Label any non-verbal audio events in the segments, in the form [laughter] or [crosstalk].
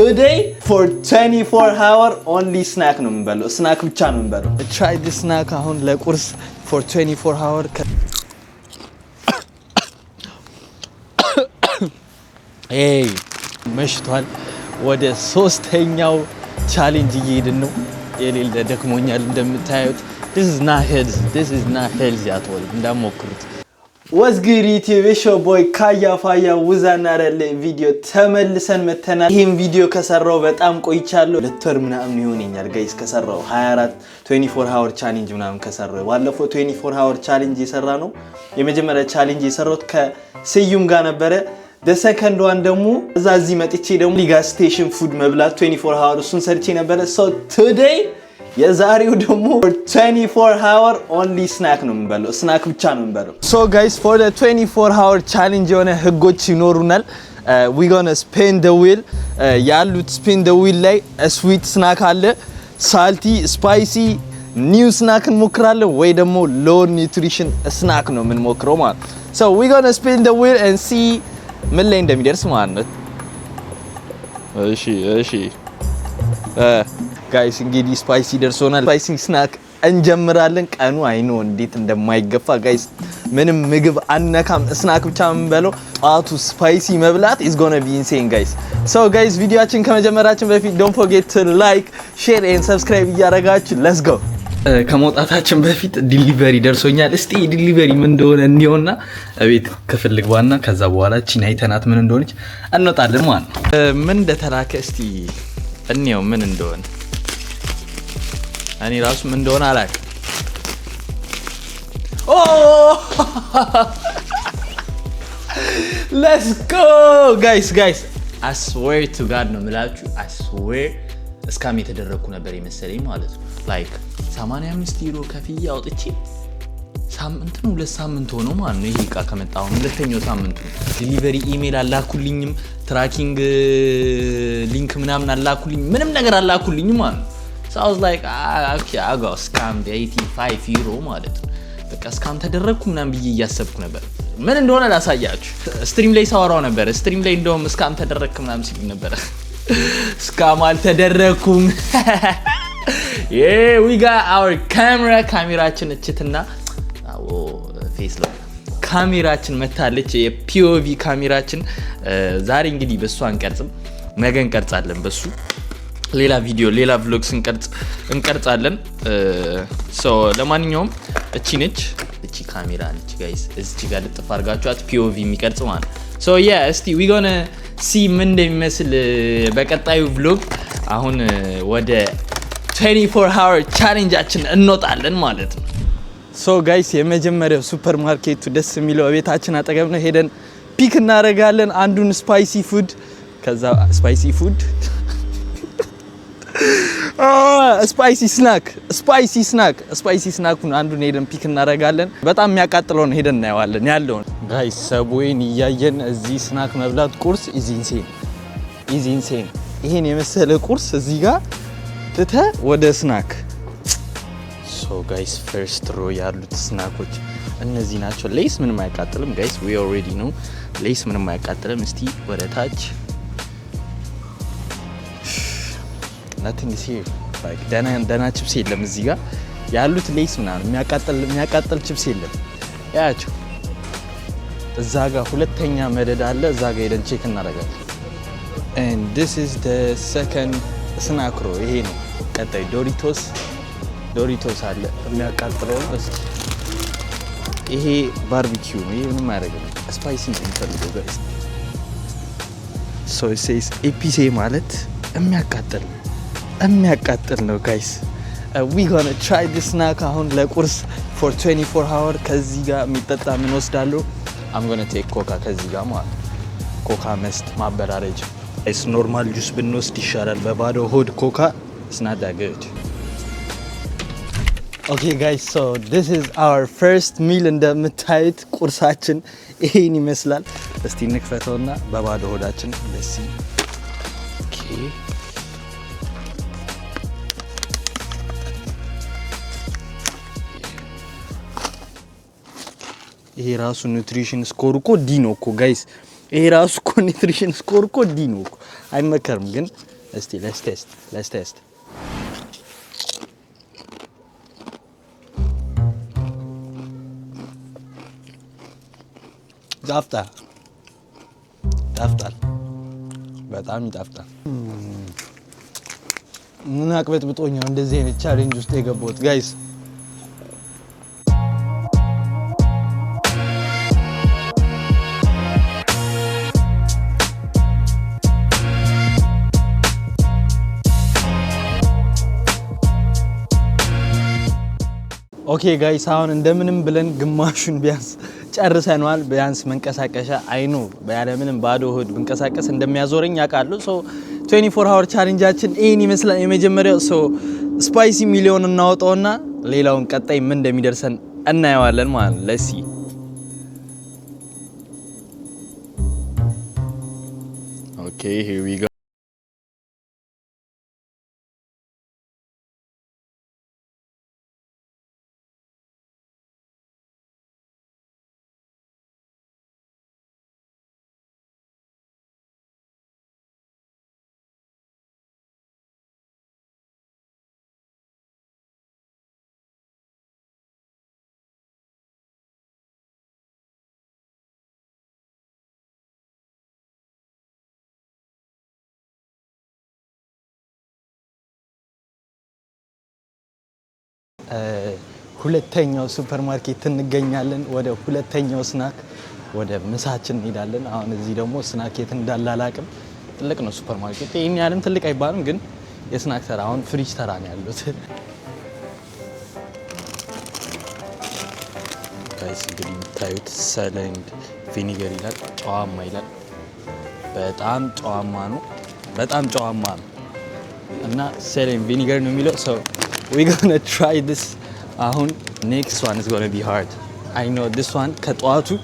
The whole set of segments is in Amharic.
ቱዴይ ፎር 24 ሃወር ኦንሊ ስናክ ነው የምንበለው። ስናክ ብቻ ነው የምንበለው። ትራይ ዲስ ስናክ አሁን ለቁርስ ፎር 24 ሃወር መሽቷል። ወደ ሶስተኛው ቻሌንጅ እየሄድን ነው። የሌለ ደክሞኛል እንደምታዩት። ዲስ ኢዝ ናት ሄልዚ አትወል እንዳሞክሩት ወዝግሪ ዩቲዩብ የሾቦይ ካያ ፋያ ውዛና ረለ ቪዲዮ ተመልሰን መተናል። ይህም ቪዲዮ ከሰራው በጣም ቆይቻለሁ። ሁለት ወር ምናምን ይሆነኛል ጋይስ ከሰራው 24 24 ሃወር ቻሌንጅ ምናምን ከሰራው። ባለፈው 24 ሃወር ቻሌንጅ የሰራ ነው የመጀመሪያ ቻሌንጅ የሰራሁት ከስዩም ጋር ነበረ። ደሰከንድ ዋን ደግሞ እዛ እዚህ መጥቼ ደግሞ ሊጋ ስቴሽን ፉድ መብላት 24 ሃወር እሱን ሰርቼ ነበረ ሰው ቱዴይ የዛሬው ደግሞ 24 ሃወር ኦንሊ ስናክ ነው የምንበለው። ስናክ ብቻ ነው የምንበለው። ሶ ጋይስ ፎር 24 ሃወር ቻሌንጅ የሆነ ህጎች ይኖሩናል። ዊ ጎነ ስፔን ደ ዊል ያሉት ስፔን ደ ዊል ላይ ስዊት ስናክ አለ፣ ሳልቲ ስፓይሲ ኒው ስናክ እንሞክራለን ወይ ደግሞ ሎ ኒውትሪሽን ስናክ ነው የምንሞክረው ማለት ነው። ሶ ዊ ጎነ ስፔን ደ ዊል ኤንድ ሲ ምን ላይ እንደሚደርስ ማለት ነው። እሺ እሺ uh, ጋይስ እንግዲህ ስፓይሲ ደርሶናል። ስፓይሲ ስናክ እንጀምራለን። ቀኑ አይኖ እንዴት እንደማይገፋ ጋይስ፣ ምንም ምግብ አነካም፣ ስናክ ብቻ የምንበለው ጠዋቱ ስፓይሲ መብላት ኢዝ ጎና ቢ ኢንሴን ጋይስ። ሶ ጋይስ ቪዲዮአችን ከመጀመራችን በፊት ዶንት ፎርጌት ቱ ላይክ ሼር ኤንድ ሰብስክራይብ እያደረጋችሁ ሌትስ ጎ። ከመውጣታችን በፊት ዲሊቨሪ ደርሶኛል። እስቲ ዲሊቨሪ ምን እንደሆነ እንየውና ቤት ክፍል ልግባና ከዛ በኋላ ቺን አይተናት ምን እንደሆነች እንወጣለን ማለት ነው። ምን እንደተላከ እስቲ እንየው ምን እንደሆነ እኔ ራሱ ምን እንደሆነ አላቅ። ኦ ሌትስ ጎ ጋይስ ጋይስ አስዌር ቱ ጋድ ነው የምላችሁ። አስዌር እስካም የተደረግኩ ነበር የመሰለኝ ማለት ነው። ላይክ 85 ዩሮ ከፍዬ አውጥቼ ሳምንት ነው ሁለት ሳምንት ሆኖ ማለት ነው ይሄ እቃ ከመጣ አሁን ሁለተኛው ሳምንቱ ዲሊቨሪ ኢሜል አላኩልኝም፣ ትራኪንግ ሊንክ ምናምን አላኩልኝ፣ ምንም ነገር አላኩልኝ ማለት ነው። ሶ አውዝ like ah okay I got 85 ዩሮ ማለት ነው። በቃ እስካም ተደረግኩ ምናምን ብዬ እያሰብኩ ነበር። ምን እንደሆነ ላሳያችሁ። ስትሪም ላይ ሳወራው ነበር። ስትሪም ላይ እንደውም ስካም ተደረግክ ምናምን ሲል ነበረ። እስካም አልተደረግኩም። ዊጋ አወር ካሜራ ካሜራችን እችትና ፌስ ለው ካሜራችን መታለች። የፒኦቪ ካሜራችን ዛሬ እንግዲህ በእሱ አንቀርጽም፣ ነገ እንቀርጻለን በሱ ሌላ ቪዲዮ ሌላ ቭሎግ እንቀርጻለን። ለማንኛውም እቺ ነች፣ እቺ ካሜራ ነች ጋይስ። እዚች ጋር ልጥፍ አድርጋችኋት ፒኦቪ የሚቀርጽ ማለት ያ። እስቲ ዊ ጎነ ሲ ምን እንደሚመስል በቀጣዩ ቭሎግ። አሁን ወደ 24 ሃወር ቻሌንጃችን እንወጣለን ማለት ነው። ሶ ጋይስ የመጀመሪያው ሱፐር ማርኬቱ ደስ የሚለው ቤታችን አጠገብ ነው። ሄደን ፒክ እናደርጋለን አንዱን ስፓይሲ ፉድ ከዛ ስፓይሲ ፉድ ስፓይሲ ስናክ ስፓይሲ ስናክ ስፓይሲ ስናኩን አንዱን ሄደን ፒክ እናደርጋለን። በጣም የሚያቃጥለውን ሄደን እናየዋለን። ያለውን ጋይ ሰብዌን እያየን እዚህ ስናክ መብላት ቁርስ ኢዚ ኢንሴን ኢዚ ኢንሴን። ይሄን የመሰለ ቁርስ እዚህ ጋር ትተህ ወደ ስናክ ሶ ጋይስ ፈርስት ሮ ያሉት ስናኮች እነዚህ ናቸው። ሌስ ምንም አያቃጥልም ጋይስ፣ ዌ ኦልሬዲ ነው ሌስ ምንም አያቃጥልም። እስቲ ወደ ታች ነቲንግ ሂር ላይክ ደና የለም እዚህ ጋር ያሉት ሌክስ ምናምን የሚያቃጥል የሚያቃጥል የለም። ያያችሁ እዛ ጋር ሁለተኛ መደድ አለ። እዛ ጋር ሄደን ቼክ እናደርጋለን። and this is the second ስናክሮ ይሄ ነው። ቀጣይ ዶሪቶስ ዶሪቶስ አለ የሚያቃጥለው ነው። እስኪ ይሄ ባርቢኪው ነው። ይሄ ምንም አያደርግም። ስፓይሲ ነው የሚፈልገው ጋይስ ማለት የሚያቃጥል ነው የሚያቃጥል ነው ጋይስ። ዊ ጋ ትራይ ዲስ ናክ አሁን ለቁርስ ፎር 24 ሀወር። ከዚህ ጋር የሚጠጣ ምን ወስዳለሁ? አምጎነ ቴክ ኮካ ከዚህ ጋር ማለት ኮካ መስት ማበራረጅ ጋይስ። ኖርማል ጁስ ብንወስድ ይሻላል በባዶ ሆድ ኮካ ስናዳ ግድ ኦኬ ጋይስ ሶ ዲስ ኢዝ አወር ፈርስት ሚል። እንደምታዩት ቁርሳችን ይሄን ይመስላል። እስቲ እንክፈተውና በባዶ ሆዳችን ደስ ይሄ ራሱ ኒውትሪሽን ስኮር እኮ ዲ ነው እኮ ጋይስ። ይሄ ራሱ እኮ ኒውትሪሽን ስኮር እኮ ዲ ነው እኮ። አይመከርም ግን እስቲ ለስ ቴስት ለስ ቴስት ጣፍጣል ጣፍጣል፣ በጣም ይጣፍጣል። ምን አቅበጥብጦኝ ነው እንደዚህ አይነት ቻሌንጅ ውስጥ የገባሁት ጋይስ? ኦኬ ጋይስ አሁን እንደምንም ብለን ግማሹን ቢያንስ ጨርሰነዋል። ቢያንስ መንቀሳቀሻ አይኑ ያለምንም ባዶ ሆድ መንቀሳቀስ እንደሚያዞረኝ ያውቃሉ። ሶ 24 ሀወር ቻሌንጃችን ይህን ይመስላል። የመጀመሪያው ሶ ስፓይሲ ሚሊዮን እናወጣውና ሌላውን ቀጣይ ምን እንደሚደርሰን እናየዋለን ማለት ለሲ ኦኬ ሂር ዊ ጎ ሁለተኛው ሱፐር ማርኬት እንገኛለን። ወደ ሁለተኛው ስናክ ወደ ምሳችን እንሄዳለን። አሁን እዚህ ደግሞ ስናክ የት እንዳለ አላቅም። ትልቅ ነው ሱፐር ማርኬት። ይህን ያህልም ትልቅ አይባልም፣ ግን የስናክ ተራ አሁን ፍሪጅ ተራ ነው ያሉት። ጋይስ እንግዲህ የምታዩት ሰለንድ ቪኒገር ይላል፣ ጨዋማ ይላል። በጣም ጨዋማ ነው፣ በጣም ጨዋማ ነው እና ሰለንግ ቪኒገር ነው የሚለው ሰው we're gonna [laughs] try this ahun next one is gonna be hard i know this one katwatu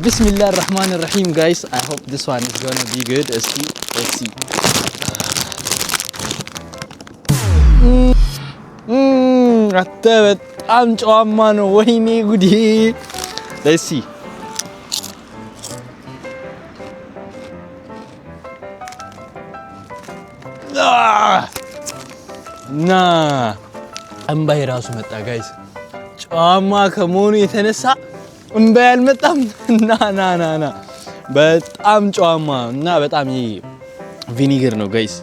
bismillah rahman rahim guys i hope this one is gonna be good let's see let's see mm. Mm. let's see እና እምባይ ራሱ መጣ ጋይስ። ጨዋማ ከመሆኑ የተነሳ እምባይ አልመጣም። ና ና ና ና በጣም ጨዋማ እና በጣም ይሄ ቪኒገር ነው ጋይስ።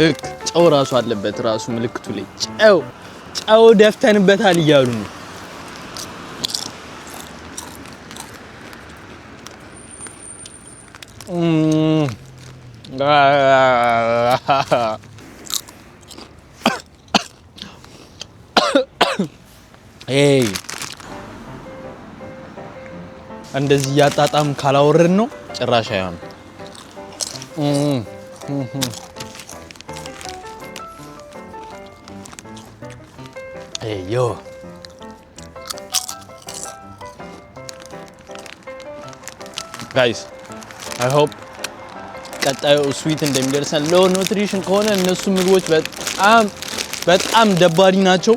ልክ ጨው ራሱ አለበት ራሱ ምልክቱ ላይ ጨው ጨው ደፍተንበታል እያሉ ነው። እንደዚህ እያጣጣም ካላወረድ ነው ጭራሽ አይሆን ጋይስ አይ ሆፕ ቀጣዩ ስዊት እንደሚደርሰን ሎ ኑትሪሽን ከሆነ እነሱ ምግቦች በጣም በጣም ደባሪ ናቸው።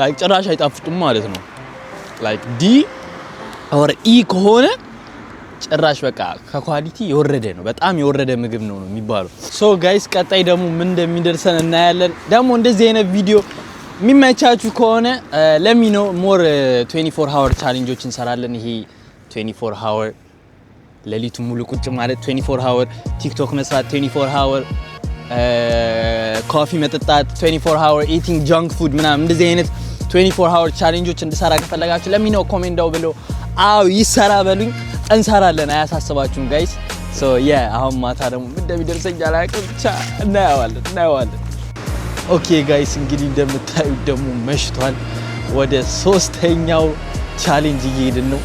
ላይክ ጭራሽ አይጣፍጡም ማለት ነው። ላይክ ዲ ኦር ኢ ከሆነ ጭራሽ በቃ ከኳሊቲ የወረደ ነው። በጣም የወረደ ምግብ ነው ነው የሚባለው። ሶ ጋይስ ቀጣይ ደግሞ ምን እንደሚደርሰን እናያለን። ደግሞ እንደዚህ አይነት ቪዲዮ የሚመቻችሁ ከሆነ ለሚ ነው ሞር 24 ሃወር ቻሌንጆች እንሰራለን። ይሄ 24 ሃወር ሌሊቱ ሙሉ ቁጭ ማለት፣ 24 ሃወር ቲክቶክ መስራት፣ 24 ሃወር ኮፊ መጠጣት፣ 24 ሃወር ኢቲንግ፣ ጃንክ ፉድ ምናምን እንደዚህ አይነት 24 ሃወር ቻሌንጆች እንድሰራ ከፈለጋችሁ ለሚነው ኮሜንዳው ብሎ አው ይሰራ በሉኝ፣ እንሰራለን። አያሳስባችሁም ጋይስ። ሶ ያ አሁን ማታ ደግሞ እንደሚደርሰኝ አላውቅም፣ ብቻ እናየዋለን እናየዋለን። ኦኬ ጋይስ እንግዲህ እንደምታዩ ደግሞ መሽቷል። ወደ ሶስተኛው ቻሌንጅ እየሄድን ነው።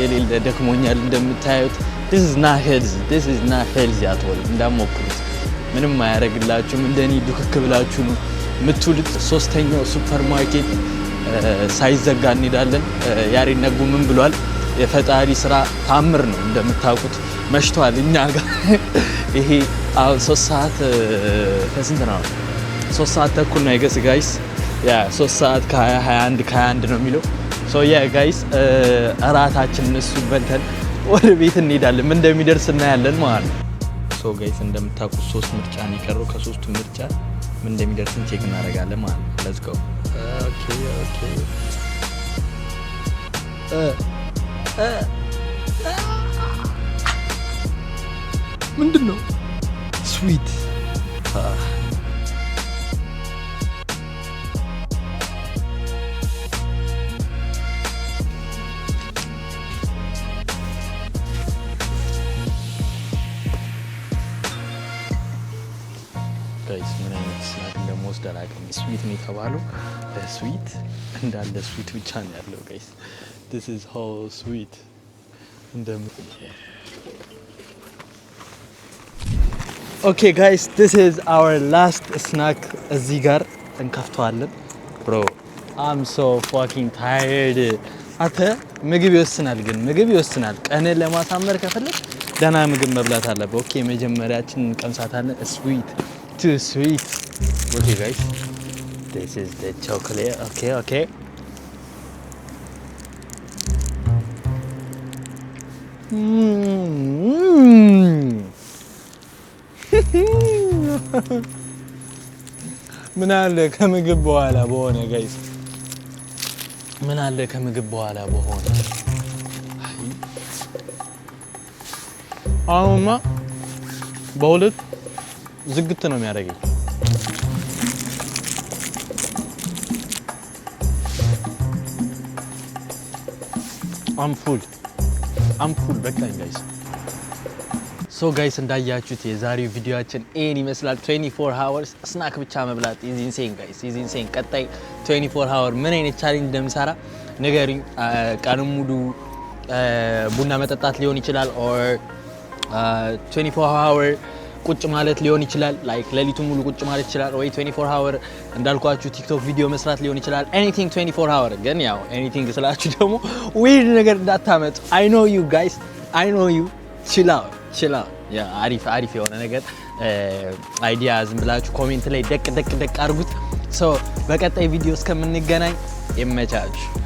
የሌለ ደክሞኛል እንደምታዩት። ዲስ ኢዝ ናት ሄልዚ ዲስ ኢዝ ናት ሄልዚ አትሆንም፣ እንዳትሞክሩት ምንም አያደርግላችሁም። እንደኔ ዱክክ ብላችሁ ነው የምትውሉት። ሶስተኛው ሱፐር ማርኬት ሳይዘጋ እንሄዳለን። ያሬድ ነጉ ምን ብሏል? የፈጣሪ ስራ ታምር ነው። እንደምታውቁት መሽቷል። እኛ ጋር [laughs] ይሄ አሁን ሶስት ሰዓት ከስንት ነው? ሶስት ሰዓት ተኩል ነው የገስ ጋይስ። ያ ሶስት ሰዓት ከ21 አንድ ከሀያ ነው የሚለው ሶ ያ ጋይስ እራታችን እሱ በልተን ወደ ቤት እንሄዳለን። ምን እንደሚደርስ እናያለን ማለት ነው። ሰው ጋይስ እንደምታውቁት ሶስት ምርጫ ነው የቀረው። ከሶስቱ ምርጫ ምን እንደሚደርስን ቼክ እናደርጋለን ማለት ነው። ኦኬ ኦኬ ምንድን ነው ስዊት ስዊት ነው የተባለው። ስዊት እንዳለ ስዊት ብቻ ነው ያለው ጋይስ። ዲስ ኢዝ ሃው ስዊት ኦኬ ጋይስ ዲስ ኢዝ አወር ላስት ስናክ። እዚህ ጋር እንከፍተዋለን። ብሮ አም ሶ ፋኪንግ ታየርድ። አተ ምግብ ይወስናል፣ ግን ምግብ ይወስናል። ቀንን ለማሳመር ከፈለግ ደህና ምግብ መብላት አለበት። ኦኬ መጀመሪያችን እንቀምሳታለን። ስዊት ቱ ስዊት ኦኬ ጋይስ This is the chocolate. Okay, okay. ምን አለ ከምግብ በኋላ በሆነ ጋይስ፣ ምን አለ ከምግብ በኋላ በሆነ። አሁንማ በሁለት ዝግት ነው የሚያደርገኝ። አምፑል አምፉል በቃኝ ጋይስ። ሶ ጋይስ እንዳያችሁት የዛሬው ቪዲዮአችን ኤን ይመስላል። 24 ሃወርስ ስናክ ብቻ መብላት ኢዚ ጋይስ፣ ኢዚ ቀጣይ 24 ሃወር ምን አይነት ቻሌንጅ እንደምሰራ ንገሩኝ። ቀኑን ሙሉ ቡና መጠጣት ሊሆን ይችላል ኦር 24 ሃወር ቁጭ ማለት ሊሆን ይችላል። ላይክ ሌሊቱን ሙሉ ቁጭ ማለት ይችላል፣ ወይ 24 አወር እንዳልኳችሁ ቲክቶክ ቪዲዮ መስራት ሊሆን ይችላል። ኤኒቲንግ 24 አወር ግን ያው ኤኒቲንግ ስላችሁ ደግሞ ዊርድ ነገር እንዳታመጡ። አይ ኖ ዩ ጋይስ አይ ኖ ዩ ችላው ችላው አሪፍ አሪፍ የሆነ ነገር አይዲያ ዝም ብላችሁ ኮሜንት ላይ ደቅ ደቅ ደቅ አድርጉት። ሶ በቀጣይ ቪዲዮ እስከምንገናኝ ይመቻችሁ።